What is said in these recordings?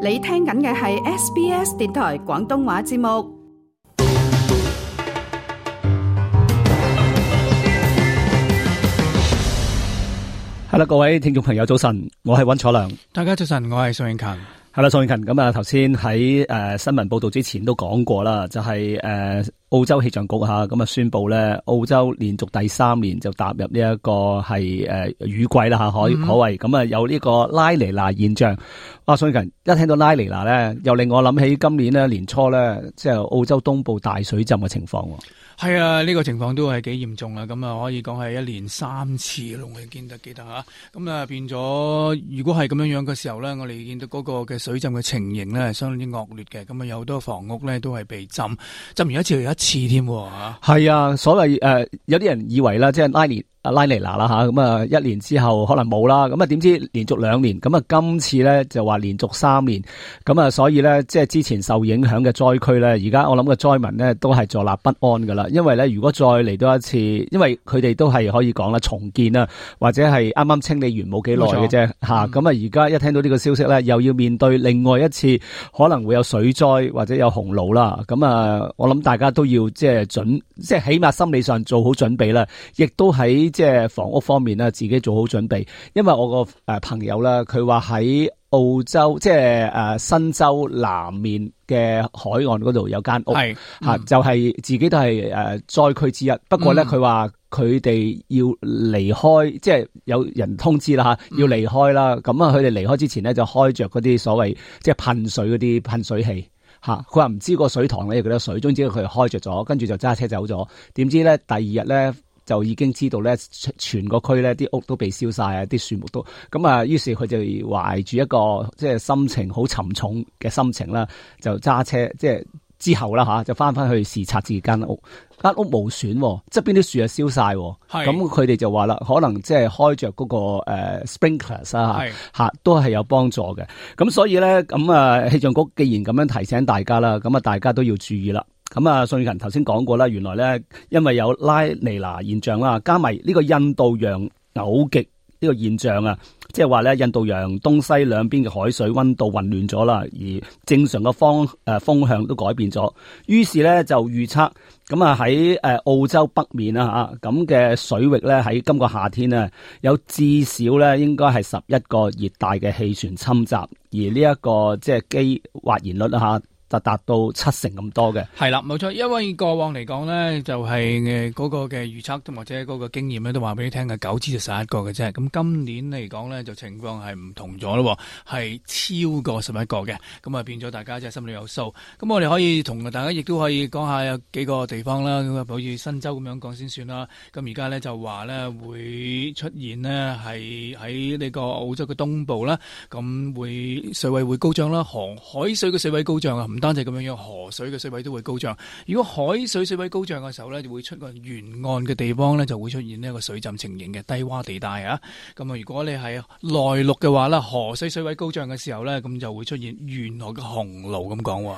你聽緊嘅係 SBS 電台廣東話節目。係啦，各位聽眾朋友，早晨，我係溫楚良。大家早晨，我係、嗯、宋永勤。Hello，宋永勤。咁啊，頭先喺誒新聞報道之前都講過啦，就係、是、誒。呃澳洲氣象局吓，咁啊宣布咧，澳洲連續第三年就踏入呢、這、一個係誒、呃、雨季啦吓，可、嗯、可謂咁啊有呢個拉尼娜現象。啊所以，一聽到拉尼娜咧，又令我諗起今年咧年初咧，即係澳洲東部大水浸嘅情況。係啊，呢、這個情況都係幾嚴重啊，咁啊可以講係一年三次咯，我見得記得吓。咁啊變咗，如果係咁樣樣嘅時候咧，我哋見到嗰個嘅水浸嘅情形咧，係相當之惡劣嘅，咁啊有好多房屋咧都係被浸，浸完一次似添、啊，係啊，所謂誒、呃，有啲人以為啦，即係拉尼娜。拉尼娜啦嚇，咁啊一年之後可能冇啦，咁啊點知連續兩年，咁啊今次咧就話連續三年，咁啊所以咧即係之前受影響嘅災區咧，而家我諗個災民咧都係坐立不安噶啦，因為咧如果再嚟到一次，因為佢哋都係可以講啦，重建啦或者係啱啱清理完冇幾耐嘅啫嚇，咁啊而家一聽到呢個消息咧，又要面對另外一次可能會有水災或者有洪澇啦，咁啊我諗大家都要即係準。即係起碼心理上做好準備啦，亦都喺即係房屋方面啦，自己做好準備。因為我個誒朋友啦，佢話喺澳洲，即係新州南面嘅海岸嗰度有間屋，嗯、就係、是、自己都係誒災區之一。嗯、不過咧，佢話佢哋要離開，嗯、即係有人通知啦嚇，要離開啦。咁、嗯、啊，佢哋離開之前咧，就開着嗰啲所謂即係噴水嗰啲噴水器。吓、啊，佢話唔知個水塘咧有幾多水，總之佢開着咗，跟住就揸車走咗。點知咧，第二日咧就已經知道咧，全個區咧啲屋都被燒晒。嗯、啊，啲樹木都咁啊。於是佢就懷住一個即係心情好沉重嘅心情啦，就揸車即係。之後啦嚇，就翻翻去視察自己間屋，間屋冇損，側邊啲樹啊燒晒喎。咁佢哋就話啦，可能即係開着嗰、那個、呃、sprinklers 啊都係有幫助嘅。咁所以咧，咁啊氣象局既然咁樣提醒大家啦，咁啊大家都要注意啦。咁啊，宋玉勤頭先講過啦，原來咧因為有拉尼娜現象啦，加埋呢個印度洋偶極。呢、這個現象啊，即係話咧印度洋東西兩邊嘅海水溫度混亂咗啦，而正常嘅方誒風、呃、向都改變咗，於是咧就預測咁啊喺誒澳洲北面啦嚇，咁嘅水域咧喺今個夏天咧有至少咧應該係十一個熱帶嘅氣旋侵襲，而呢、這、一個即係機發言率啊嚇。就達到七成咁多嘅，係啦，冇錯。因為過往嚟講呢，就係誒嗰個嘅預測同或者嗰個經驗咧，都話俾你聽嘅，九至十一個嘅啫。咁今年嚟講呢，就情況係唔同咗咯，係超過十一個嘅。咁啊變咗，大家即係心裏有數。咁我哋可以同大家亦都可以講下有幾個地方啦，咁好似新州咁樣講先算啦。咁而家呢，就話呢會出現呢，係喺呢個澳洲嘅東部啦，咁會水位會高漲啦，航海水嘅水位高漲啊。單只咁樣樣，河水嘅水位都會高漲。如果海水水位高漲嘅時候咧，就會出個沿岸嘅地方咧，就會出現呢一個水浸情形嘅低洼地帶啊。咁啊，如果你係內陸嘅話咧，河水水位高漲嘅時候咧，咁就會出現沿岸嘅洪澇咁講喎。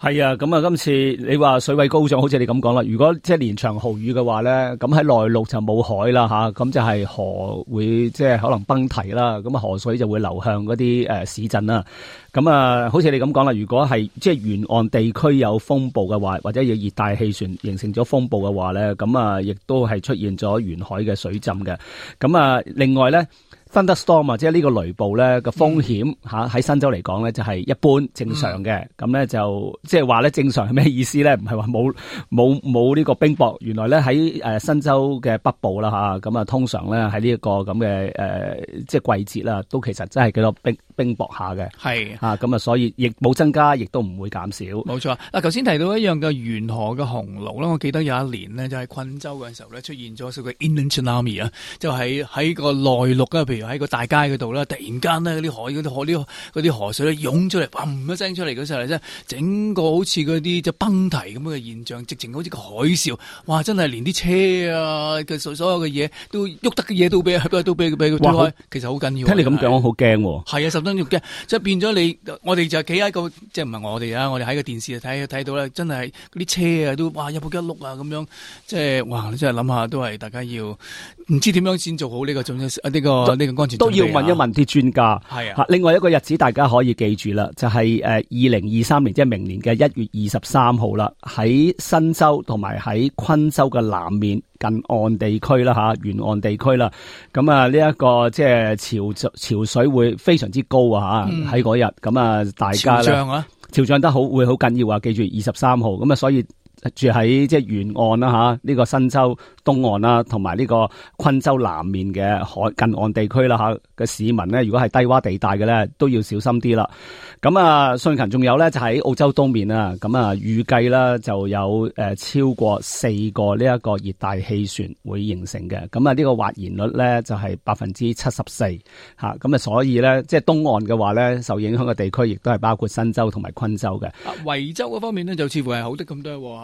係啊，咁啊，今次你話水位高漲，好似你咁講啦。如果即係連場豪雨嘅話咧，咁喺內陸就冇海啦吓，咁就係河會即係可能崩堤啦。咁啊，河水就會流向嗰啲誒市鎮啦。咁啊，好似你咁講啦，如果係即係。沿岸地區有風暴嘅話，或者有熱帶氣旋形成咗風暴嘅話咧，咁啊，亦都係出現咗沿海嘅水浸嘅。咁啊，另外咧。Thunderstorm 即係呢個雷暴咧，個風險嚇，喺新州嚟講咧，就係一般正常嘅，咁、嗯、咧就即係話咧正常係咩意思咧？唔係話冇冇冇呢個冰雹。原來咧喺誒新州嘅北部啦，嚇，咁啊通常咧喺呢一個咁嘅誒即係季節啦，都其實真係幾多冰冰雹下嘅。係啊咁啊，所以亦冇增加，亦都唔會減少。冇錯。嗱、啊，頭先提到一樣嘅沿河嘅洪流啦，我記得有一年呢，就係昆州嗰陣時候咧出現咗一個 inland tsunami 啊，就喺喺個內陸啊，譬如。喺個大街嗰度啦，突然間呢，嗰啲海啲海啲河水咧湧出嚟，嘭一聲出嚟嗰時候咧，整個好似嗰啲就崩堤咁嘅現象，直情好似個海嘯，哇！真係連啲車啊所有嘅嘢都喐得嘅嘢都俾都俾俾佢推開，其實好緊要。聽你咁講，我好驚喎、哦。係啊，十分之驚，即係變咗你，我哋就企喺個，即係唔係我哋啊，我哋喺個電視睇睇到咧，真係嗰啲車啊都哇有冇一碌啊咁樣，即係哇！真係諗下都係大家要唔知點樣先做好呢、呢個，呢個呢個。呢個都要問一問啲專家。係啊，另外一個日子大家可以記住啦，就係誒二零二三年，即係明年嘅一月二十三號啦，喺新州同埋喺昆州嘅南面近岸地區啦，吓沿岸地區啦。咁啊，呢一個即係潮潮水會非常之高啊，喺嗰日。咁啊，大家潮漲啊，潮漲得好會好緊要啊。記住二十三號，咁啊，所以。住喺即係沿岸啦、啊、吓，呢、這個新州東岸啦、啊，同埋呢個昆州南面嘅海近岸地區啦吓嘅市民咧，如果係低窪地帶嘅咧，都要小心啲啦。咁啊，信勤仲有咧就喺、是、澳洲東面啊，咁、嗯、啊預計啦就有誒、呃、超過四個呢一個熱帶氣旋會形成嘅。咁、嗯這個就是、啊呢個發展率咧就係百分之七十四吓，咁、嗯、啊所以咧即係東岸嘅話咧，受影響嘅地區亦都係包括新州同埋昆州嘅。維、啊、州嗰方面咧就似乎係好得咁多、啊。.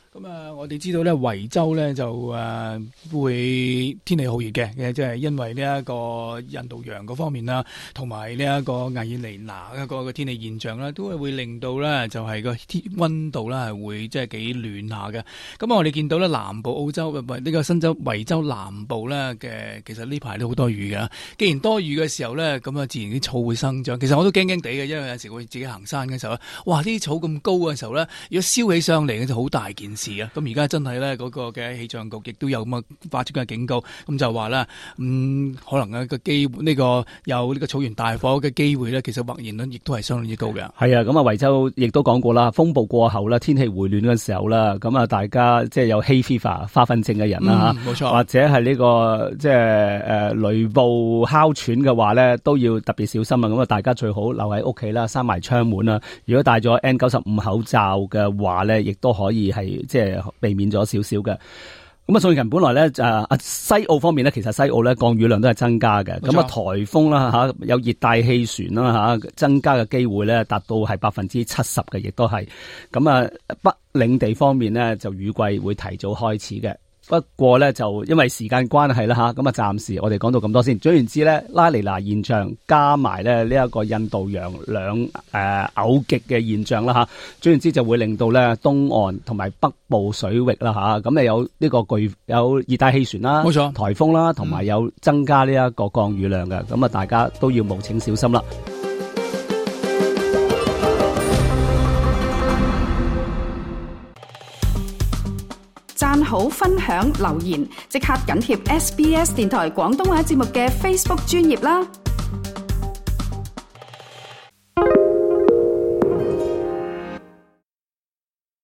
咁、嗯、啊，我哋知道咧，維州咧就誒會天氣好熱嘅，嘅即係因為呢一個印度洋嗰方面啦，同埋呢一個厄爾尼拿一個天氣現象啦，都係會令到咧就係、是、個天溫度咧係會即係幾暖下嘅。咁、嗯、啊，我哋見到咧南部澳洲唔係呢個新州維州南部咧嘅，其實呢排都好多雨嘅。既然多雨嘅時候咧，咁啊自然啲草會生長，其實我都驚驚哋嘅，因為有時候我自己行山嘅時候咧，哇！啲草咁高嘅時候咧，如果燒起上嚟就好大件事。咁而家真係咧，嗰、那個嘅氣象局亦都有咁嘅發出嘅警告，咁就話啦，嗯可能嘅個機呢個有呢個草原大火嘅機會呢，其實或然率亦都係相當之高嘅。係啊，咁啊，維州亦都講過啦，風暴過後啦，天氣回暖嘅時候啦，咁啊，大家即係有 hay fever 花粉症嘅人啦，冇、嗯、錯或者係呢、這個即係、呃、雷暴哮喘嘅話呢，都要特別小心啊！咁啊，大家最好留喺屋企啦，閂埋窗門啦。如果戴咗 N 九十五口罩嘅話呢，亦都可以係。即係避免咗少少嘅，咁啊，宋瑞勤，本來咧就啊，西澳方面咧，其實西澳咧降雨量都係增加嘅，咁啊，颱風啦吓、啊，有熱帶氣旋啦吓、啊，增加嘅機會咧達到係百分之七十嘅，亦都係，咁啊，北領地方面咧就雨季會提早開始嘅。不過咧就因為時間關係啦吓，咁啊暫時我哋講到咁多先。總言之咧，拉尼娜現象加埋咧呢一個印度洋兩誒偶極嘅現象啦吓，總言之就會令到咧東岸同埋北部水域啦吓，咁啊有呢個巨有熱帶氣旋啦，冇錯，颱風啦，同埋有，有增加呢一個降雨量嘅，咁啊大家都要務請小心啦。讚好、分享、留言，即刻緊貼 SBS 電台廣東話節目嘅 Facebook 專業啦！